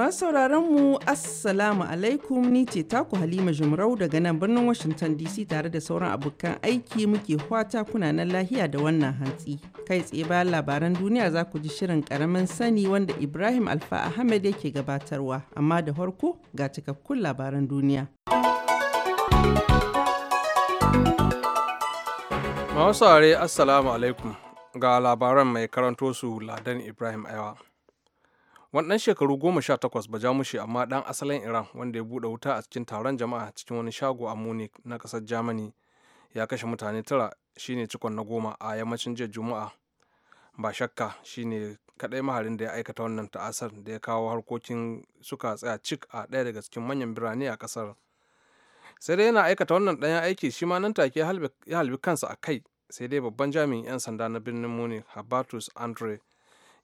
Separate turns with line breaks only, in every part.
Masu sauraron mu Assalamu alaikum ni ce taku Halima Jumrau daga nan birnin Washington DC tare da sauran abokan aiki muke fata kuna nan lahiya da wannan hantsi. Kai tsaye bayan labaran duniya za ku ji shirin karamin sani wanda Ibrahim Alfa Ahmed yake gabatarwa amma da farko ga cikakkun labaran duniya.
Masu saurare Assalamu alaikum ga labaran mai karanto su Ladan Ibrahim Aiwa. wani dan shekaru goma sha takwas ba jamushe amma dan asalin iran wanda ya buɗe wuta a cikin taron jama'a cikin wani shago a munich na kasar germany ya kashe mutane tara shine cikon na goma a yammacin jiya juma'a ba shakka shine kaɗai maharin da ya aikata wannan ta'asar da ya kawo harkokin suka tsaya cik a ɗaya daga cikin manyan birane a kasar. sai dai yana aikata wannan ɗayan aiki shi ma nan take ya halbi kansa a kai sai dai babban jami'in 'yan sanda na birnin munich habatus andre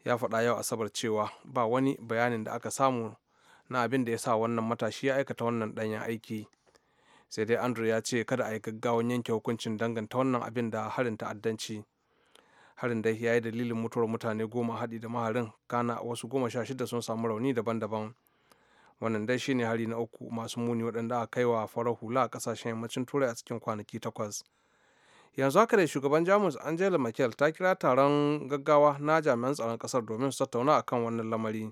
ya faɗa yau asabar cewa ba wani bayanin da aka samu na abin da ya sa wannan matashi ya aikata wannan ɗanyen aiki sai dai andrew ya ce kada a yi gaggawan yanke hukuncin danganta wannan abin da harin ta'addanci harin da ya yi dalilin mutuwar mutane goma haɗi da maharin kana wasu goma sha shida sun samu rauni daban-daban wannan dai shine hari na uku masu muni waɗanda aka kai wa farar hula a ƙasashen yammacin turai a cikin kwanaki takwas yanzu haka dai shugaban jamus angela merkel ta kira taron gaggawa na jami'an tsaron kasar domin su tattauna kan wannan lamari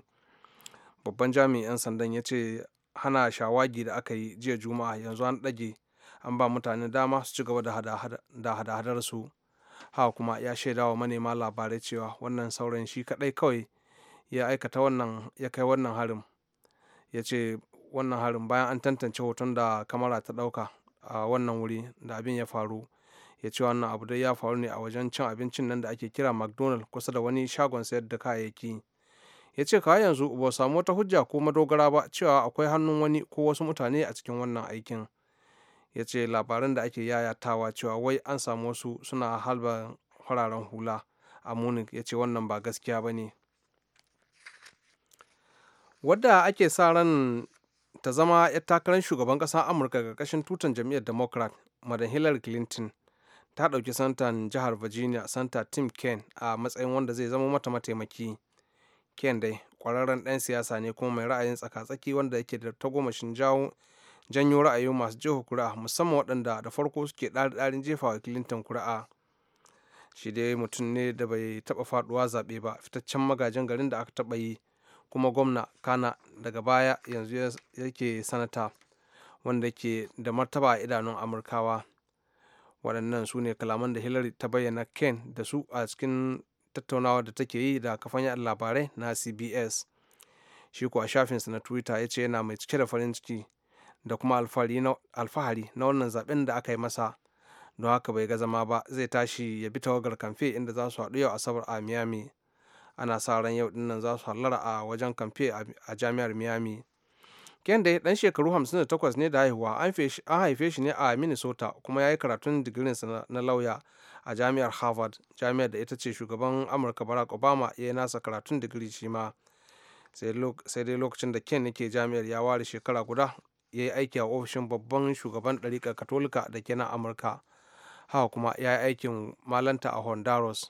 babban jami'in sandan ya ce hana shawagi da aka yi jiya juma'a yanzu an ɗage an ba mutane dama su ci gaba da hada-hadar su haka kuma ya shaida wa manema labarai cewa wannan sauran shi kaɗai kawai ya aikata wannan ya kai wannan harin ya ce wannan harin bayan an tantance hoton da kamara ta ɗauka a wannan wuri da abin ya faru ya ce wannan abu dai ya faru ne a wajen cin abincin nan da ake kira mcdonald kusa da wani shagon sayar da kayayyaki ya ce kawai yanzu ba samu wata hujja ko madogara ba cewa akwai hannun wani ko wasu mutane a cikin wannan aikin ya ce labaran da ake yayatawa cewa wai an samu wasu suna halban fararen hula a munich ya ce wannan ba gaskiya ba ne wadda ake sa ran ta zama 'yar takarar shugaban ƙasar amurka ga kashin tutan jam'iyyar democrat madan hillary clinton ta ɗauki santan jihar virginia santa tim ken a matsayin wanda zai zama mata mataimaki ken dai ƙwararren ɗan siyasa ne kuma mai ra'ayin tsaka-tsaki wanda yake da tagomashin jawo janyo ra'ayi masu jefa kuri'a musamman waɗanda da farko suke ɗari-ɗarin jefa wa clinton kuri'a shi dai mutum ne da bai taɓa faɗuwa zaɓe ba fitaccen magajin garin da aka taɓa yi kuma gwamna kana daga baya yanzu yake sanata wanda ke da martaba a idanun amurkawa waɗannan su ne kalaman da hillary ta bayyana ken da su a cikin tattaunawa da take yi da kafan yaɗa labarai na cbs shi ko a shafinsa na twitter ya ce yana mai cike da farin ciki da kuma alfahari na wannan zaben da aka yi masa don haka bai ga zama ba zai tashi ya bi tawagar kamfe inda za su haɗu yau asabar a miami ana sa ran yau dinnan za su hallara a wajen kamfe a jami'ar miami ken da ya dan shekaru 58 ne da haihuwa an haife shi ne a Minnesota kuma ya yi karatun digirinsa na lauya a jami'ar Harvard, jami'ar da ita ce shugaban Amurka Barack Obama ya yi nasa karatun digiri shi ma. Sai dai lokacin da Ken yake jami'ar ya ware shekara guda ya yi aiki a ofishin babban shugaban ɗariƙar Katolika da ke na Amurka. Haka kuma ya yi aikin malanta a Honduras.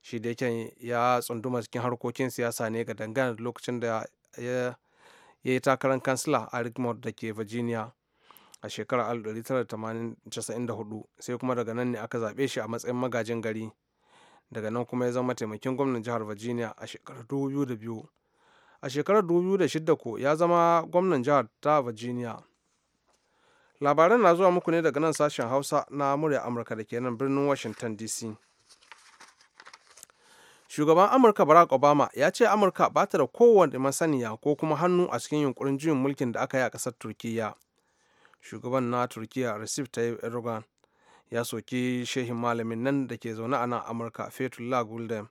Shi da ken ya tsunduma cikin harkokin siyasa ne ga dangane lokacin da ya ya yi takarar kansila a richmond da ke virginia a shekarar 1994 sai kuma daga nan ne aka zaɓe shi a matsayin magajin gari daga nan kuma ya zama taimakin gwamnan jihar virginia a shekarar 2002 a shekarar 2006 ko ya zama gwamnan jihar ta virginia labaran na zuwa muku ne daga nan sashen hausa na murya amurka da ke nan birnin washington dc shugaban amurka barack obama ya ce amurka ba ta da kowane masaniya ko kuma hannu a cikin yunkurin juyin mulkin da aka yi a kasar turkiyya shugaban na turkiyya recep tayyip erdogan ya soki shehin malamin nan da ke zaune a nan amurka fetullah gulden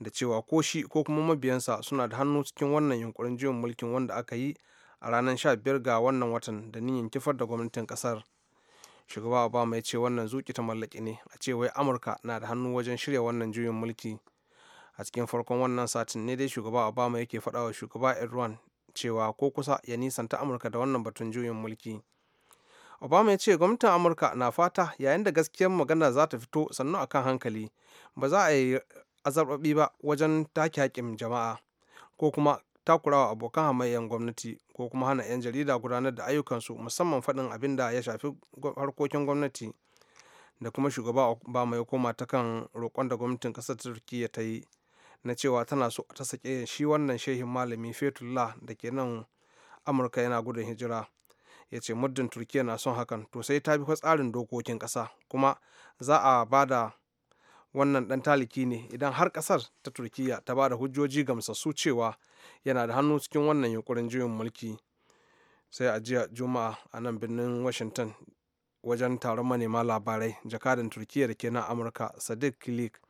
da cewa ko shi ko kuma mabiyansa suna da hannu cikin wannan yunkurin juyin mulkin wanda aka yi a ranar 15 ga wannan watan da niyyar kifar da gwamnatin kasar shugaba obama ya ce wannan zuki ta mallaki ne a ce wai amurka na da hannu wajen shirya wannan juyin mulki a cikin farkon wannan satin ne dai shugaba obama yake faɗa wa shugaba erdogan cewa ko kusa ya nisanta amurka da wannan batun juyin mulki obama ya ce gwamnatin amurka na fata yayin da gaskiyar magana za ta fito sannu a kan hankali ba za a yi azarbabi ba wajen take haƙƙin jama'a ko kuma takurawa abokan hamayyan gwamnati ko kuma hana 'yan jarida gudanar da ayyukansu musamman faɗin abin da ya shafi harkokin gwamnati da kuma shugaba obama ya koma ta kan roƙon da gwamnatin ƙasar turkiyya ta yi na cewa tana so ta sake shi wannan shehin malami fetullah da ke nan amurka yana gudun hijira ya ce muddin turkiya na son hakan to sai ta bi tsarin dokokin ƙasa kuma za a ba da wannan dan taliki ne idan har ƙasar ta turkiya ta ba da hujjoji gamsassu cewa yana da hannu cikin wannan yunkurin juyin mulki sai a jiya juma'a a nan birnin washington wajen taron manema labarai jakadan turkiya da ke nan amurka sadiq kilik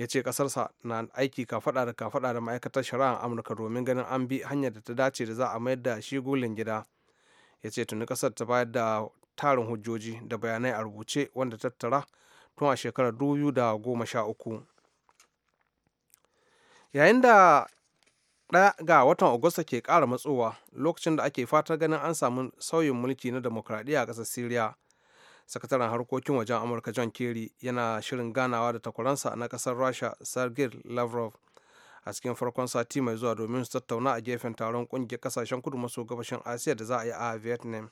ya ce kasarsa na aiki kafaɗa da kafaɗa da ma'aikatar shari'ar amurka domin ganin an bi hanyar da ta dace da za a mayar da shi gulin gida ya ce tuni kasar ta bayar da tarin hujjoji da bayanai a rubuce wanda tattara tun a shekarar 2013. goma sha uku yayin da ɗaya ga watan agusta ke kara matsowa lokacin da ake fatar ganin an samu sauyin mulki na demokradiyya a ƙasar syria sakataren harkokin wajen amurka john kerry yana shirin ganawa da takwaransa na kasar rasha sergei lavrov a cikin farkon sati mai zuwa domin su tattauna a gefen taron kungiyar kasashen kudu maso gabashin asiya da za a yi a vietnam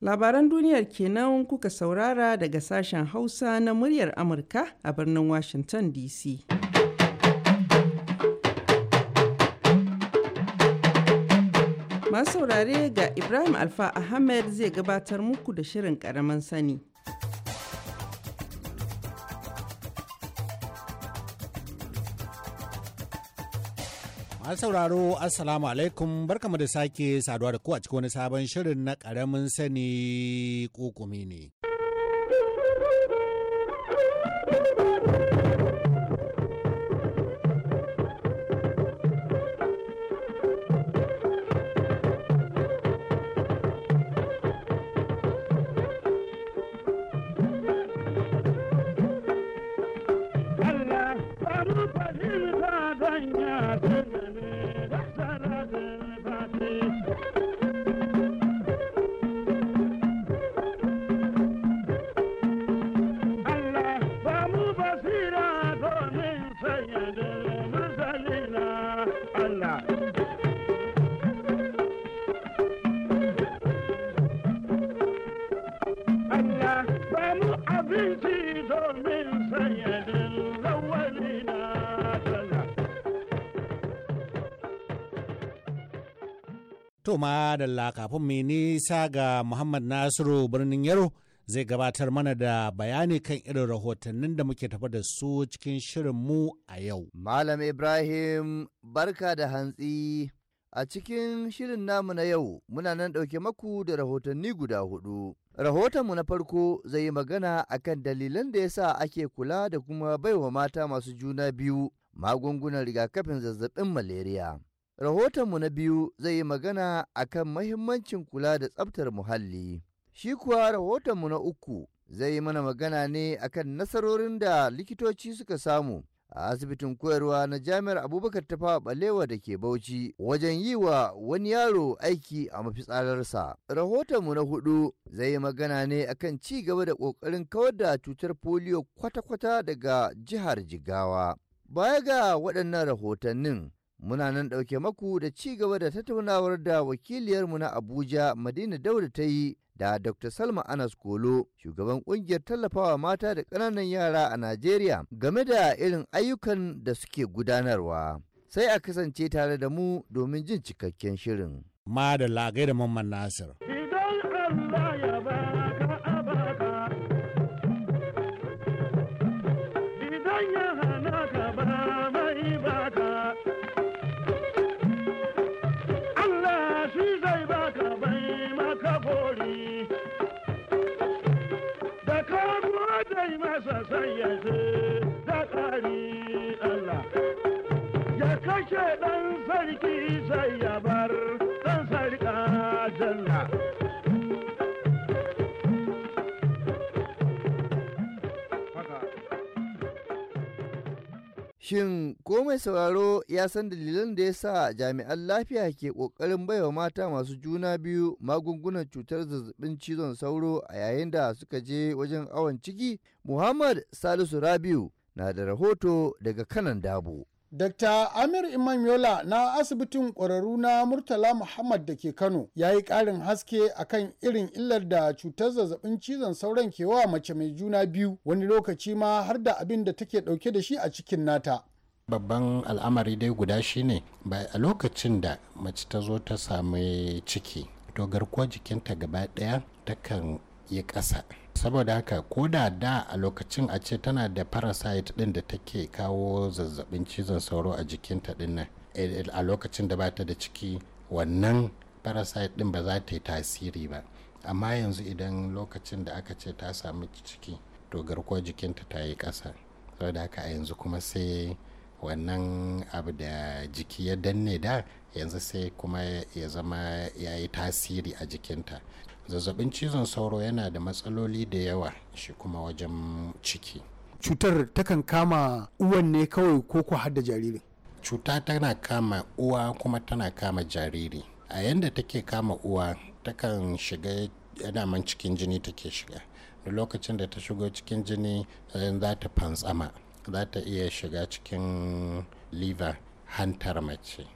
labaran duniyar kenan kuka saurara daga sashen hausa na muryar amurka a birnin washington dc Masu saurare ga Ibrahim Alfa Ahmed zai gabatar muku da shirin ƙaramin sani. Masu sauraro Assalamu
alaikum barkamu da sake saduwa da ku a cikin wani sabon shirin na ƙaramin sani kokumi ne. To ma da kafin mai nisa ga Muhammad Nasiru birnin Yaro zai gabatar mana da bayani kan irin rahotannin da muke tafa da su cikin
shirin mu a yau. Malam Ibrahim barka da hantsi. A cikin shirin namu na yau muna nan ɗauke maku da rahotanni guda hudu. Rahotonmu na farko zai yi magana a kan dalilan da ya sa ake kula da kuma baiwa mata masu juna biyu magungunan rigakafin zazzabin malaria. Rahotonmu na biyu zai yi magana a kan mahimmancin kula da tsabtar muhalli. Shi kuwa rahotonmu na uku zai yi mana magana ne a kan nasarorin da likitoci suka samu a asibitin koyarwa na jami'ar abubakar tafa balewa da ke bauchi wajen yi wa wani yaro aiki a mafitsararsa rahotonmu na hudu zai yi magana ne akan ci gaba da kokarin kawar da cutar polio kwata-kwata daga jihar jigawa baya ga waɗannan rahotannin Muna nan ɗauke maku da ci gaba da tattaunawar da wakiliyar mu na Abuja Madina Dauda ta yi da Dr. Salma Anas Kolo, shugaban kungiyar tallafawa mata da ƙananan yara a Najeriya game da irin ayyukan da suke gudanarwa. Sai a kasance tare da mu domin jin cikakken shirin. Ma da lagai da Mamman Nasir.
Idan Allah da zakari Allah ya kashe ɗan sarki zai ya
Shin ko mai sauraro ya san dalilan da ya sa jami'an lafiya ke ƙoƙarin baiwa mata masu juna biyu magungunan cutar zazzabin cizon sauro a yayin da suka je wajen awon ciki? Muhammad Salisu Rabiu na da rahoto daga kanan dabu. Dr. Amir Imam Yola na asibitin ƙwararru na
Murtala Muhammad da ke Kano ya yi ƙarin haske akan irin illar da cutar zazzabin cizon sauran kewa mace mai juna biyu wani lokaci ma har da abin da take ɗauke da shi a cikin nata. Babban al'amari dai guda shine a lokacin da mace ta zo ta sami ciki to garkuwar jikinta gaba ɗaya takan yi ƙasa saboda haka ko da da a lokacin a ce tana da parasite din da take kawo zazzabin cizon sauro a jikinta din nan eh, a lokacin da bata da ciki wannan parasite din ba za ta yi tasiri ba amma yanzu idan lokacin da aka ce ta samu ciki to garkuwar jikinta ta yi ƙasa saboda haka a yanzu kuma sai wannan abu da jiki ya danne da yanzu sai kuma ya zama ya yi tasiri a jikinta zazzabin cizon sauro yana da matsaloli da yawa shi kuma wajen ciki cutar takan kama uwan ne kawai ko ku har da cuta tana kama uwa kuma tana kama jariri a yanda take kama uwa takan shiga daman cikin jini take shiga da lokacin da ta shigo cikin jini eh, za ta fantsama za ta iya shiga cikin liver hantar mace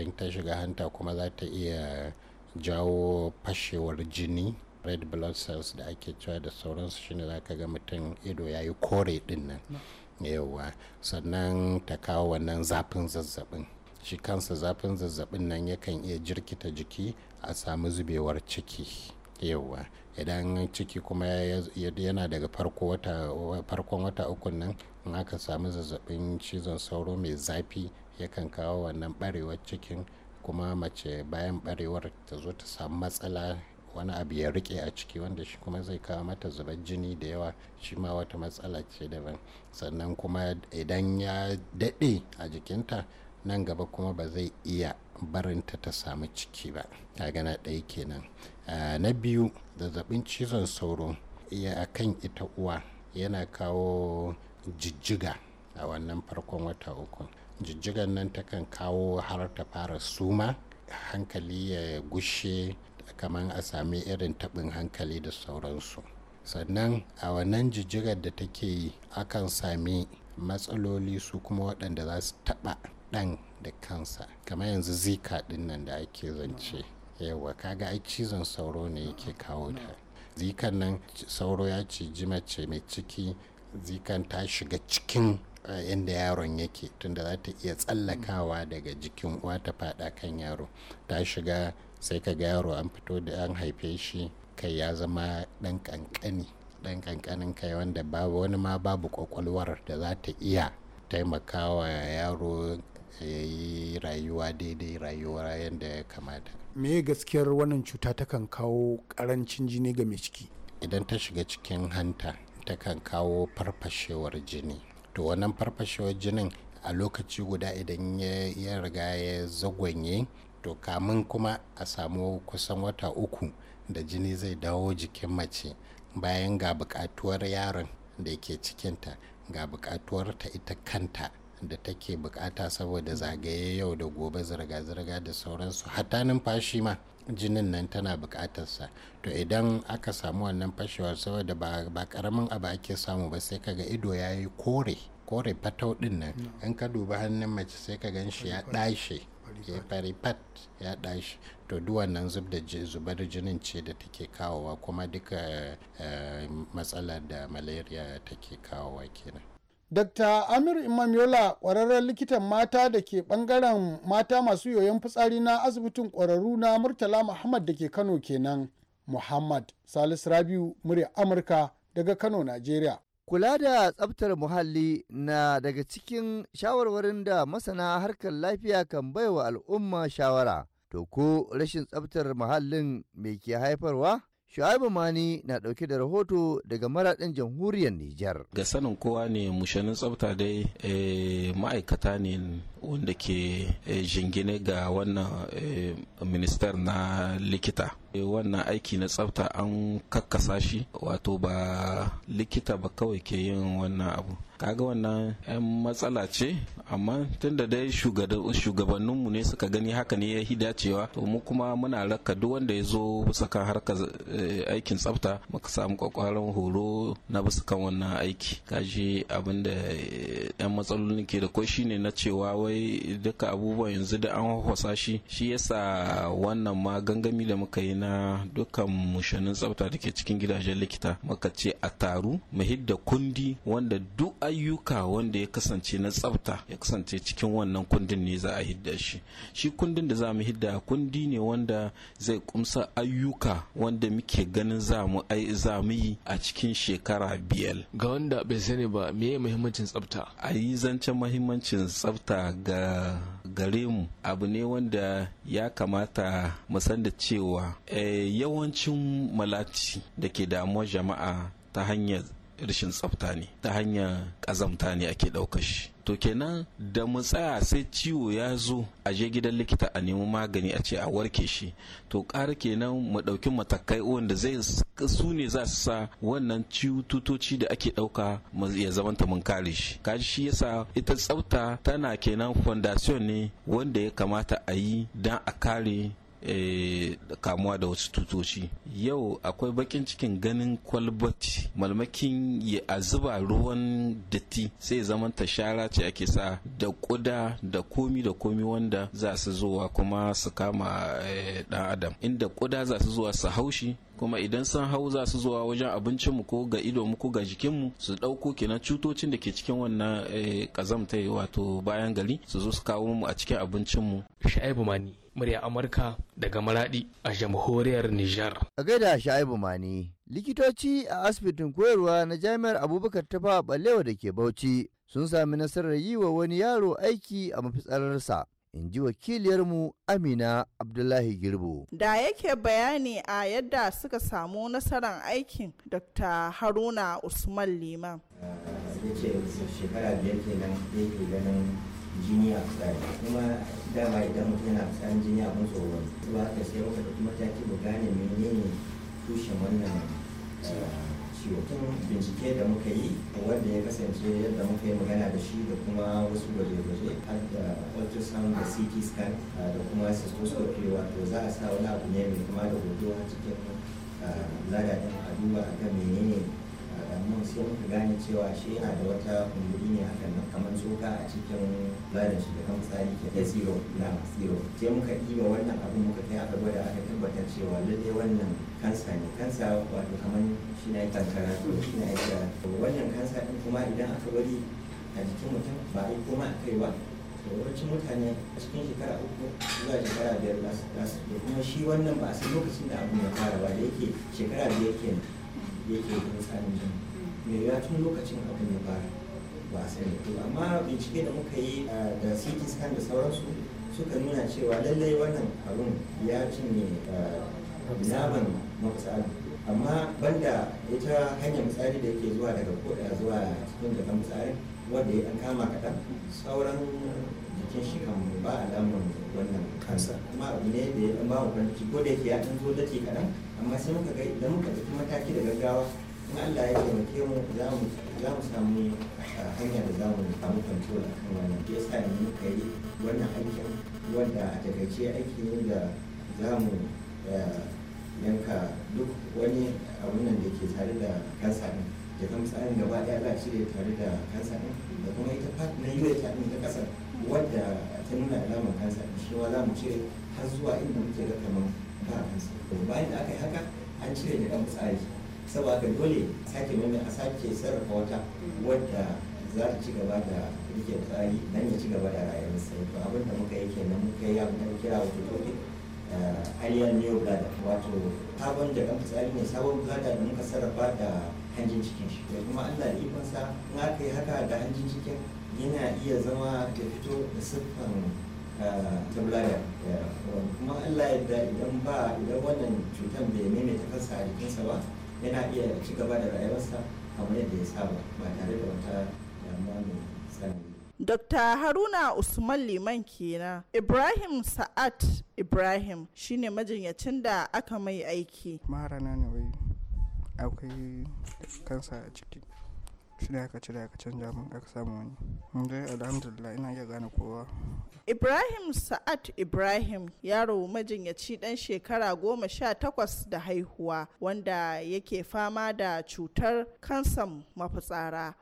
in ta shiga hanta kuma za ta iya jawo fashewar jini red blood cells da ake cewa da sauransu shine za ka ga mutum ido ya yi kore din nan yawa sannan ta kawo wannan zafin zazzabin shi kansa zafin zazzabin nan yakan iya jirkita jiki a samu zubewar ciki yawa idan ciki kuma yana daga farkon wata ukun nan in aka samu zazzabin cizon sauro mai zafi yakan kawo wannan barewar cikin kuma mace bayan barewar ta zo ta samu matsala wani abu ya rike a ciki wanda shi kuma zai kawo mata zubar jini da yawa shi ma wata matsala ce daban sannan kuma idan ya daɗe a jikinta nan gaba kuma ba zai iya barinta ta samu ciki ba ta gana ɗaya kenan na biyu zazzabin cizon sauro iya akan ita uwa yana kawo jijjiga a wannan farkon wata uku jijjigan nan takan kawo har ta fara suma hankali ya gushe kamar a sami irin taɓin hankali da sauransu sannan a wannan jijjigar da take yi akan sami matsaloli su kuma waɗanda za su taɓa ɗan da kansa kamar yanzu zika ɗin nan da ake zance yawa kaga ai cizon sauro ne yake kawo da zikan nan sauro ya ciji mace mai ciki zikan ta shiga cikin inda eh, yaron yake tunda za ta iya tsallakawa daga jikin uwa ta fada kan yaro ta shiga sai ka ga yaro an fito da an haife shi kai ya zama dan kankani dan kankanin kai wanda babu wani ma babu kwakwalwar da za ta iya taimakawa yaro eh, ya yi rayuwa daidai rayuwa yadda ya kamata me gaskiyar wannan cuta takan kawo karancin jini ga mai ciki idan ta shiga cikin hanta takan kawo farfashewar jini to wannan farfashewar jinin a lokaci guda idan ya riga ya zagwanye to kamun kuma a samu kusan wata uku da jini zai dawo jikin mace bayan ga bukatuwar yaron da ke cikinta ga buƙatuwar ta ita kanta da take buƙata saboda zagaye yau da gobe zirga-zirga da sauransu hata numfashi ma jinin nan tana bukatarsa to idan aka samu wannan fashewar saboda ba karamin abu ake samu ba sai kaga ido ya yi kore kore fatau din nan in ka dubi hannun mace sai ka gan shi ya ɗashe ya fari pat ya ɗashi to duwannan zub da zubar jinin ce da take kawowa kuma duka eh, matsalar da malaria take kawowa kenan Dr. Amir Imam Yola ƙwararren likitan mata da ke ɓangaren mata masu yoyon fitsari na asibitin ƙwararru na Murtala Muhammad da ke Kano kenan. Muhammad Salisu Rabiu
murya Amurka daga Kano, Najeriya. Kula da tsabtar muhalli na daga cikin shawarwarin da masana harkar lafiya kan baiwa al'umma shawara. To ko rashin tsabtar muhallin me ke haifarwa? Shu'aibu Mani na ɗauke da rahoto daga maraɗin jamhuriyar Nijar.
Ga sanin kowa ne mushanin tsafta dai eh, ma'aikata ne wanda ke eh, jingine ga wannan eh, ministar na likita. Eh, wannan aiki na tsafta an kakkasa shi wato ba likita ba kawai ke yin wannan abu kaga wannan 'yan matsala ce amma tunda dai shugabanninmu ne suka gani haka ne ya yi dacewa to mu kuma muna raka duk wanda ya zo bisa harka harkar eh, aikin tsafta muka samu kwakwaran horo na bisa kan wannan aiki kaji abin 'yan eh, matsalolin ke da ko shine na cewa wai duka abubuwan yanzu da an hosa shi shi yasa wannan ma gangami da muka yi na dukkan mushanin tsafta da ke cikin gidajen likita muka ce a taru mu hidda kundi wanda duk ayyuka wanda ya kasance na tsafta ya kasance cikin wannan kundin ne za a hidda shi shi kundin da za mu hidda kundi ne wanda zai kumsa ayyuka wanda muke ganin za mu yi a cikin shekara biyar ga wanda bai sani ba me muhimmancin tsafta a yi zancen muhimmancin tsafta ga gare mu abu ne wanda ya kamata mu san da cewa eh, yawancin malati da ke damuwa jama'a ta hanyar rashin tsafta ne ta hanyar ƙazamta ne ake ɗaukar shi to kenan da mu tsaya sai ciwo ya zo a je gidan likita a nemi magani a ce a warke shi to ƙara kenan mu ɗauki matakai wanda zai su ne za su sa wannan ciwututoci da ake ɗauka ya zamanta mun kare shi kaji shi yasa ita tsafta tana kenan fondation ne wanda ya kamata a yi don a kare Eh, kamuwa da wasu tutoci yau akwai bakin cikin ganin kwalbati malmakin ya a zuba ruwan datti sai zaman ta shara ce ake sa da kuda da komi da komi wanda za su zuwa kuma su kama dan eh, adam inda kuda za su zuwa su haushi kuma idan sun hau za su zuwa wajen abincinmu ko ga mu ko ga jikinmu su ɗauko kenan cutocin da ke cikin wannan eh, ƙazamtai wato bayan gari su zo su kawo mu a cikin abincinmu. Sha'ibu Mani
murya Amurka daga Maradi a jamhuriyar Nijar.
A gaida Sha'ibu Mani, likitoci a asibitin koyarwa na Jami'ar Abubakar Tafa Balewa da ke Bauchi sun sami nasarar yi wa wani yaro aiki a mafitsararsa. in ji wakiliyarmu amina abdullahi girbo
da yake bayani a yadda suka samu nasarar aikin dr haruna usman liman
shekara biyar kenan yake ganin jiniya fitsari kuma dama idan mutum yana fitsarin jiniya mun tsoro ba haka sai muka ɗauki mataki mu gane menene tushen wannan eh, ciwo bincike da muka yi wanda ya kasance yadda muka yi magana da shi da kuma wasu gwaje-gwaje har da ultrasound da ct scan eh, da kuma cystoscopy wato za a sa wani abu ne mai kuma da hoto a cikin eh, ladatin a duba a kan menene mun sai muka gane cewa shi yana da wata kumburi ne hakan nan kamar tsoka a cikin larin shi da kan tsari ke da zero na zero sai muka ɗiba wannan abin muka kai aka gwada aka tabbatar cewa lallai wannan kansa ne kansa wato kamar shi na yi kankara shi na yi wannan kansa ɗin kuma idan aka bari a jikin mutum ba a yi koma a kai ba wancan mutane a cikin shekara uku zuwa shekara biyar da kuma shi wannan ba a san lokacin da abin ya fara ba da yake shekara biyar kenan yake kuma me eh, ya tun lokacin abin ya fara ba a sani to amma bincike da muka yi da ct scan da sauransu suka nuna cewa lallai wannan abin ya cinye naban mafitsari amma banda ita hanyar fitsari da yake zuwa daga koda zuwa cikin gaban fitsarin wanda an kama kaɗan sauran jikin shi kan ba alamar wannan kansa kuma abu ne da ya ɗan ba mu ko da yake ya ɗan zo dace kaɗan amma sai muka ga idan muka tafi mataki da gaggawa in Allah ya taimake mu za mu za mu samu ah, hanya da za mu samu control a kan wannan ke sa ne muka yi wannan aikin wanda a takaice aiki ne da za mu eh, yanka duk wani abun nan da ke tare da kansa ɗin da kan tsarin gaba ɗaya za a cire tare da kansa ɗin da kuma ita part na uwa ɗin ta ƙasar wadda ta nuna alamar kansa ɗin shi ma za mu cire har zuwa inda muke ga kamar bayan da aka yi haka an cire da ɗan tsari saboda dole sake mai a sake sarrafa wata wadda za ta ci gaba da rike tsari dan ya ci gaba da rayuwar sai to abin da muka yi kenan muka yi abin da kira wato toke eh, alien new blood wato sabon da ɗan tsari ne sabon blood da muka sarrafa da hanjin cikin shi da kuma Allah da ikonsa in aka yi haka da hanjin cikin yana iya zama da fito da siffan da ah, tablayan kuma allah yadda idan ba idan wannan cutar bai maimaita kansa a jikinsa ba yana iya ci gaba da rayuwarsa kamar yadda ya saba ba tare da wata damuwa mai tsanani
Dr. Haruna Usman Liman kenan. Ibrahim Sa'ad Ibrahim shine majinyacin da aka mai aiki. Mara na ne wai akwai kansa a ciki. shine aka cire aka canja mun aka samu wani dai
alhamdulillah ina iya gane kowa
ibrahim sa'ad ibrahim yaro majinyaci dan shekara goma sha takwas da haihuwa wanda yake fama da cutar kansan mafitsara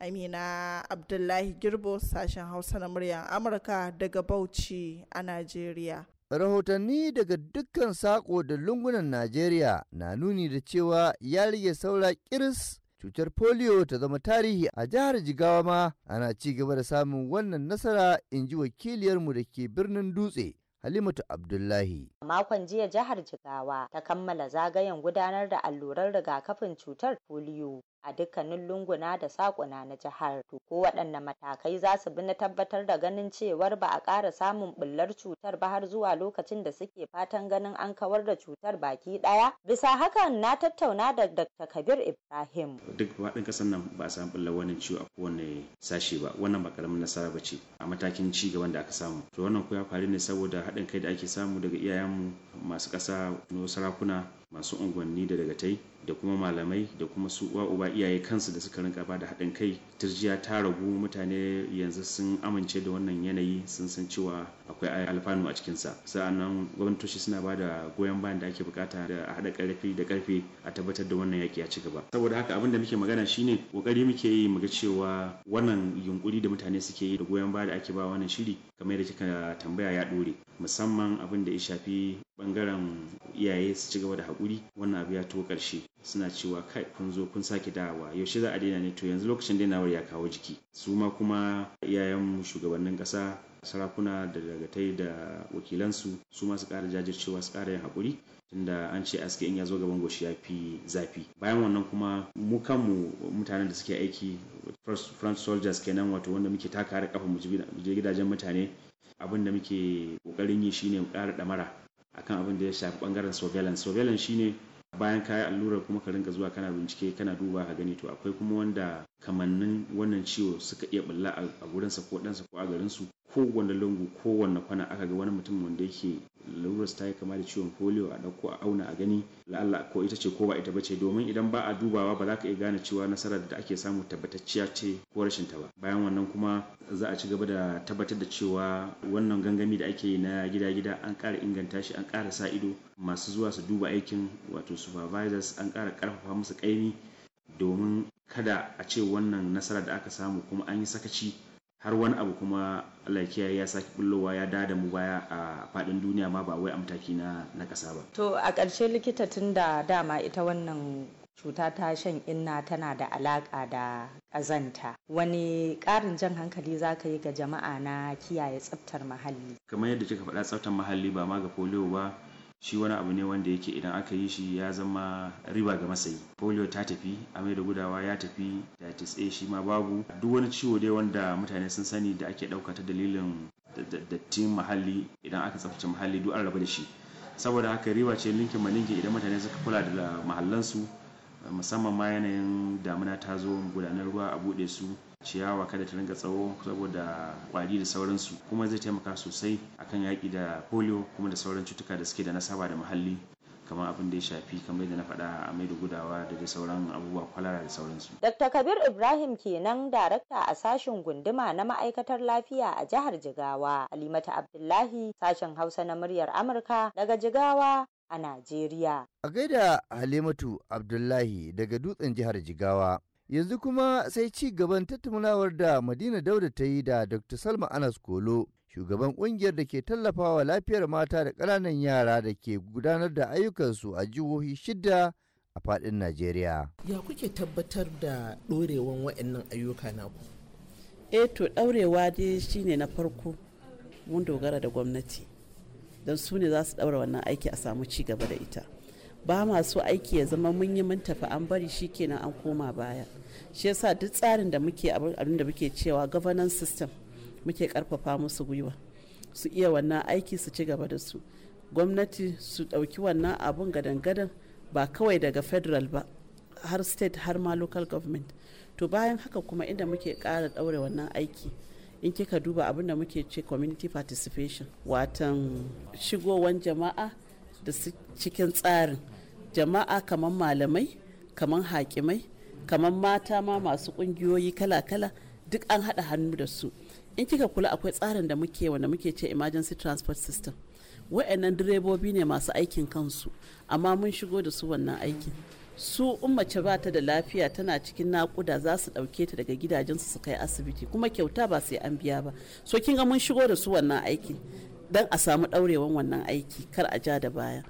amina abdullahi girbo sashen hausa na muryar amurka daga bauchi a najeriya
rahotanni daga dukkan sako da lungunan najeriya na nuni da cewa ya rage saura kiris cutar polio ta zama tarihi a jihar jigawa ma ana ci gaba da samun wannan nasara in ji wakiliyarmu da ke birnin dutse Halimatu Abdullahi.
Makon jiya jihar Jigawa ta kammala zagayen gudanar da allurar rigakafin cutar polio a dukkanin lunguna da sakuna na jihar. ko waɗanne matakai za su bi na tabbatar da ganin cewar ba a ƙara samun bullar cutar ba har zuwa lokacin da suke fatan ganin an kawar da cutar baki ɗaya? Bisa haka na tattauna da Dr. Kabir Ibrahim.
Duk faɗin ƙasar nan ba a samu ɓullar wannan ciwo a kowane sashe ba. Wannan ba ƙaramin nasara ba ce a matakin ci gaban da aka samu. To wannan ko ya faru ne saboda haɗin kai da ake samu daga iyayenmu masu ƙasa, sarakuna, masu unguwanni da daga tai? da kuma malamai da kuma su uwa uba iyaye kansu da suka rinka bada haɗin kai turjiya ta ragu mutane yanzu sun amince da wannan yanayi sun san cewa akwai alfanu a sa sa'annan gwamnatoci suna ba da goyon bayan da ake bukata da a haɗa ƙarfi da ƙarfe a tabbatar da wannan yaƙi a ci gaba saboda haka abin da muke magana shine kokari muke yi muga cewa wannan yunkuri da mutane suke yi da goyon baya da ake ba wannan shiri kamar yadda kika tambaya ya dore musamman abin da ya shafi bangaren iyaye su ci gaba da haƙuri wannan abu ya to ƙarshe suna cewa kai kun zo kun sake dawowa yaushe za a daina ne to yanzu lokacin dainawar ya kawo jiki su ma kuma iyayen shugabannin ƙasa sarakuna da dagatai da wakilansu su ma su ƙara jajircewa su ƙara yin haƙuri tunda an ce aske in ya zo gaban goshi ya fi zafi bayan wannan kuma mu kanmu mutanen da suke aiki front soldiers kenan wato wanda muke taka har kafa mu je gidajen mutane abin da muke kokarin yi shine mu ƙara ɗamara akan abin da ya shafi bangaren surveillance surveillance shine bayan kayan allurar kuma ka rinka zuwa kana bincike kana duba ka gani to akwai kuma wanda kamannin wannan ciwo suka iya bulla a gurinsa ko ɗansa ko a garinsu kowane lungu kowane kwana aka ga wani mutum wanda yake lauras ta yi kama da ciwon polio a ɗauko a auna a gani la'alla ko ita ce ko ba ita bace domin idan ba a dubawa ba za ka iya gane cewa nasarar da ake samu tabbatacciya ce ko rashin ta ba bayan wannan kuma za a ci gaba da tabbatar da cewa wannan gangami da ake yi na gida-gida an ƙara inganta shi an ƙara sa ido masu zuwa su duba aikin wato supervisors an ƙara ƙarfafa musu ƙaimi domin kada a ce wannan nasarar da aka samu kuma an yi sakaci har wani abu kuma alaikiya ya sake bullowa ya dada mu baya a fadin duniya ma ba wai a mataki na na kasa ba
to a ƙarshe likita tun da dama ita wannan cuta ta shan inna tana da alaƙa da ƙazanta wani ƙarin jan hankali za ka yi ga jama'a na kiyaye tsaftar muhalli
kamar yadda kika faɗa tsaftar muhalli ba ma ga polio ba shi wani abu ne wanda yake idan aka yi shi ya zama riba ga masayi polio ta tafi amai da gudawa ya tafi da a shi ma babu duk wani ciwo dai wanda mutane sun sani da ake ɗauka ta dalilin dattin muhalli idan aka tsaftace muhalli duk an rabu da shi saboda haka riba ce linkin malinkin idan mutane suka kula da mahallansu musamman ma yanayin damuna ta zo gudanar ruwa a buɗe su ciyawa kada ta ringa tsawo saboda kwari da sauransu kuma zai taimaka sosai akan yaƙi da polio kuma da sauran cutuka da suke da nasaba da muhalli kamar abin da ya shafi kamar yadda na faɗa a mai da gudawa da dai sauran abubuwa kwalara da sauransu.
Dr. Kabir Ibrahim kenan darakta a sashen gunduma na ma'aikatar lafiya a jihar Jigawa. Halimata Abdullahi sashen Hausa na muryar Amurka daga Jigawa a Najeriya.
A gaida Halimatu Abdullahi daga dutsen jihar Jigawa. yanzu kuma sai ci gaban tattaunawar da madina dauda ta yi da dr salma anas kolo shugaban kungiyar da ke tallafawa lafiyar mata da ƙananan yara da ke gudanar da ayyukansu a jihohi shida a faɗin najeriya ya
kuke tabbatar da ɗorewan wa'annan ayyuka ku. eh to ɗaurewa dai shine na farko mun dogara da gwamnati don su ne za su ɗaura wannan aiki a samu ci gaba da ita ba masu aiki ya zama mun yi mun tafi an bari shi kenan an koma baya shi yasa duk tsarin da muke abin da muke cewa governance system muke karfafa musu gwiwa su iya wannan aiki su ci gaba da su gwamnati su ɗauki wannan abun gadan-gadan ba kawai daga federal ba har state har ma local government to bayan haka kuma inda muke kara ɗaure wannan aiki in kika duba abin da muke ce community participation watan shigowan jama'a da cikin tsarin jama'a kamar malamai kamar hakimai kamar mata ma masu kungiyoyi kala-kala duk an haɗa hannu da su in kika kula akwai tsarin da muke wanda muke ce emergency transport system wa'annan direbobi ne masu aikin kansu amma mun shigo da su wannan aikin su in mace ba ta da lafiya tana cikin nakuda za su ɗauke ta daga gidajensu su kai asibiti kuma kyauta ba sai an biya ba so kin ga mun shigo da su wannan aikin dan a samu ɗaurewan wannan aiki kar a ja da baya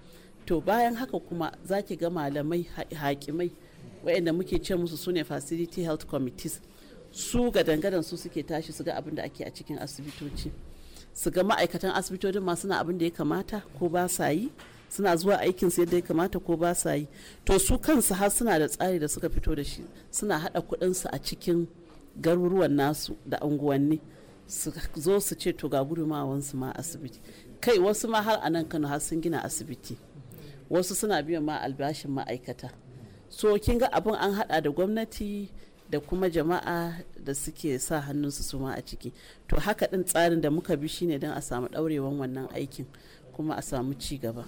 to bayan haka kuma za ki ga malamai hakimai waɗanda muke ce musu su ne facility health committees su ga dangadan su suke tashi su ga abin da ake a cikin asibitoci su ga ma'aikatan asibitocin ma suna abin da ya kamata ko ba sa yi suna zuwa aikin yadda ya kamata ko ba sa yi to su kansu har suna da tsari da suka fito da shi suna haɗa kuɗinsu a cikin garuruwan nasu da unguwanni su zo su ce to ga gudumawansu ma asibiti kai wasu ma har a nan kano har sun gina asibiti wasu suna biyan ma albashin ma'aikata so kin ga abin an hada da gwamnati da kuma jama'a da suke sa hannunsu su ma a ciki to haka din tsarin da muka bi shine don a samu daurewan wannan aikin kuma a samu ci gaba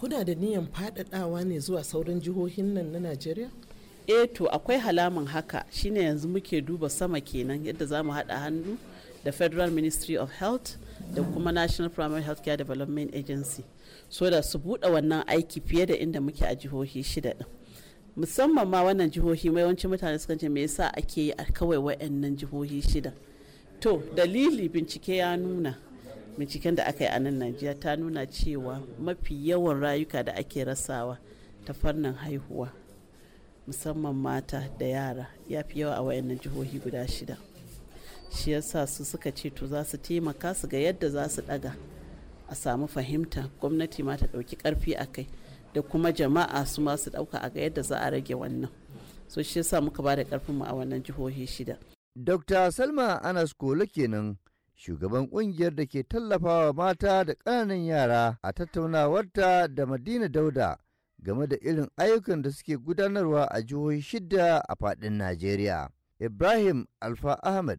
kuna da niyan fadadawa ne zuwa sauran jihohin nan na najeriya eh to akwai halaman haka shine yanzu muke duba sama kenan yadda za mu haɗa hannu da federal ministry of health da kuma national primary health care development agency so da su buɗe wannan aiki fiye da inda muke a jihohi shida ɗin musamman ma wannan jihohi yawancin mutane sukan ce me yasa ake yi a kawai wayannan jihohi shida to dalili bincike ya nuna binciken da aka yi a nan najeriya ta nuna cewa mafi yawan rayuka da ake rasawa ta fannin haihuwa musamman mata da yara ya fi yawa a wayannan jihohi guda shida shi yasa su suka ce to za su taimaka su ga yadda za su daga a samu fahimta gwamnati ma ta dauki karfi a kai da kuma jama'a su ma su dauka a ga yadda za a rage wannan so shi yasa muka ba da mu a wannan jihohi shida.
Dr. Salma Anas Kolo kenan shugaban kungiyar da ke tallafawa mata da kananan yara a tattaunawarta da Madina Dauda game da irin ayyukan da suke gudanarwa a jihohi shida a fadin Najeriya. Ibrahim Alfa ahmed.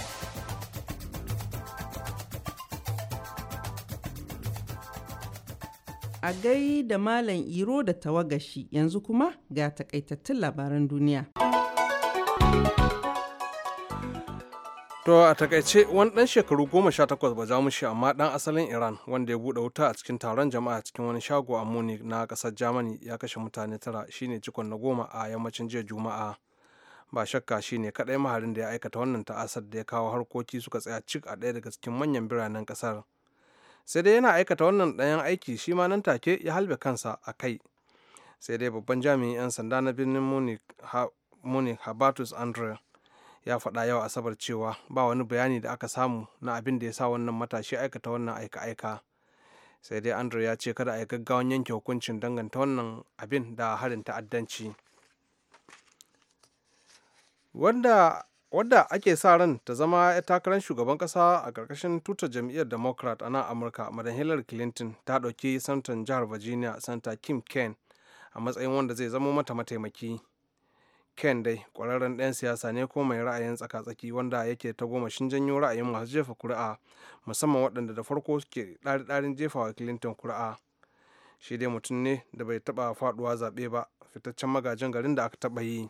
a gai da Malam Iro da tawagashi yanzu kuma ga takaitattun labaran duniya.
To a takaice wani ɗan shekaru goma sha takwas ba shi amma ɗan asalin Iran wanda ya buɗe wuta a cikin taron jama'a cikin wani shago a Munich na ƙasar Germany ya kashe mutane tara shine cikon na goma a yammacin jiya Juma'a. Ba shakka shine kaɗai maharin da ya aikata wannan ta'asar da ya kawo harkoki suka tsaya cik a ɗaya daga cikin manyan biranen ƙasar. sai dai yana aikata wannan ɗayan aiki shi ma nan take ya halbe kansa a kai sai dai babban jami'in 'yan sanda na birnin munich habatus andre ya faɗa yau asabar cewa ba wani bayani da aka samu na abin da ya sa wannan matashi aikata wannan aika-aika sai dai andre ya ce kada a yi gaggawan yanke hukuncin danganta wannan abin da harin ta'addanci wanda wadda ake sa ran ta zama 'yar takarar shugaban kasa a karkashin tuta jam'iyyar democrat a nan amurka madan hillary clinton ta ɗauki santan jihar virginia santa kim ken a matsayin wanda zai zama mata mataimaki ken dai kwararren ɗan siyasa ne ko mai ra'ayin tsaka-tsaki wanda yake ta goma shin janyo ra'ayin masu jefa kuri'a musamman waɗanda da farko suke ɗari-ɗarin jefawa clinton kuri'a shi dai mutum ne da bai taɓa faɗuwa zaɓe ba fitaccen magajin garin da aka taɓa yi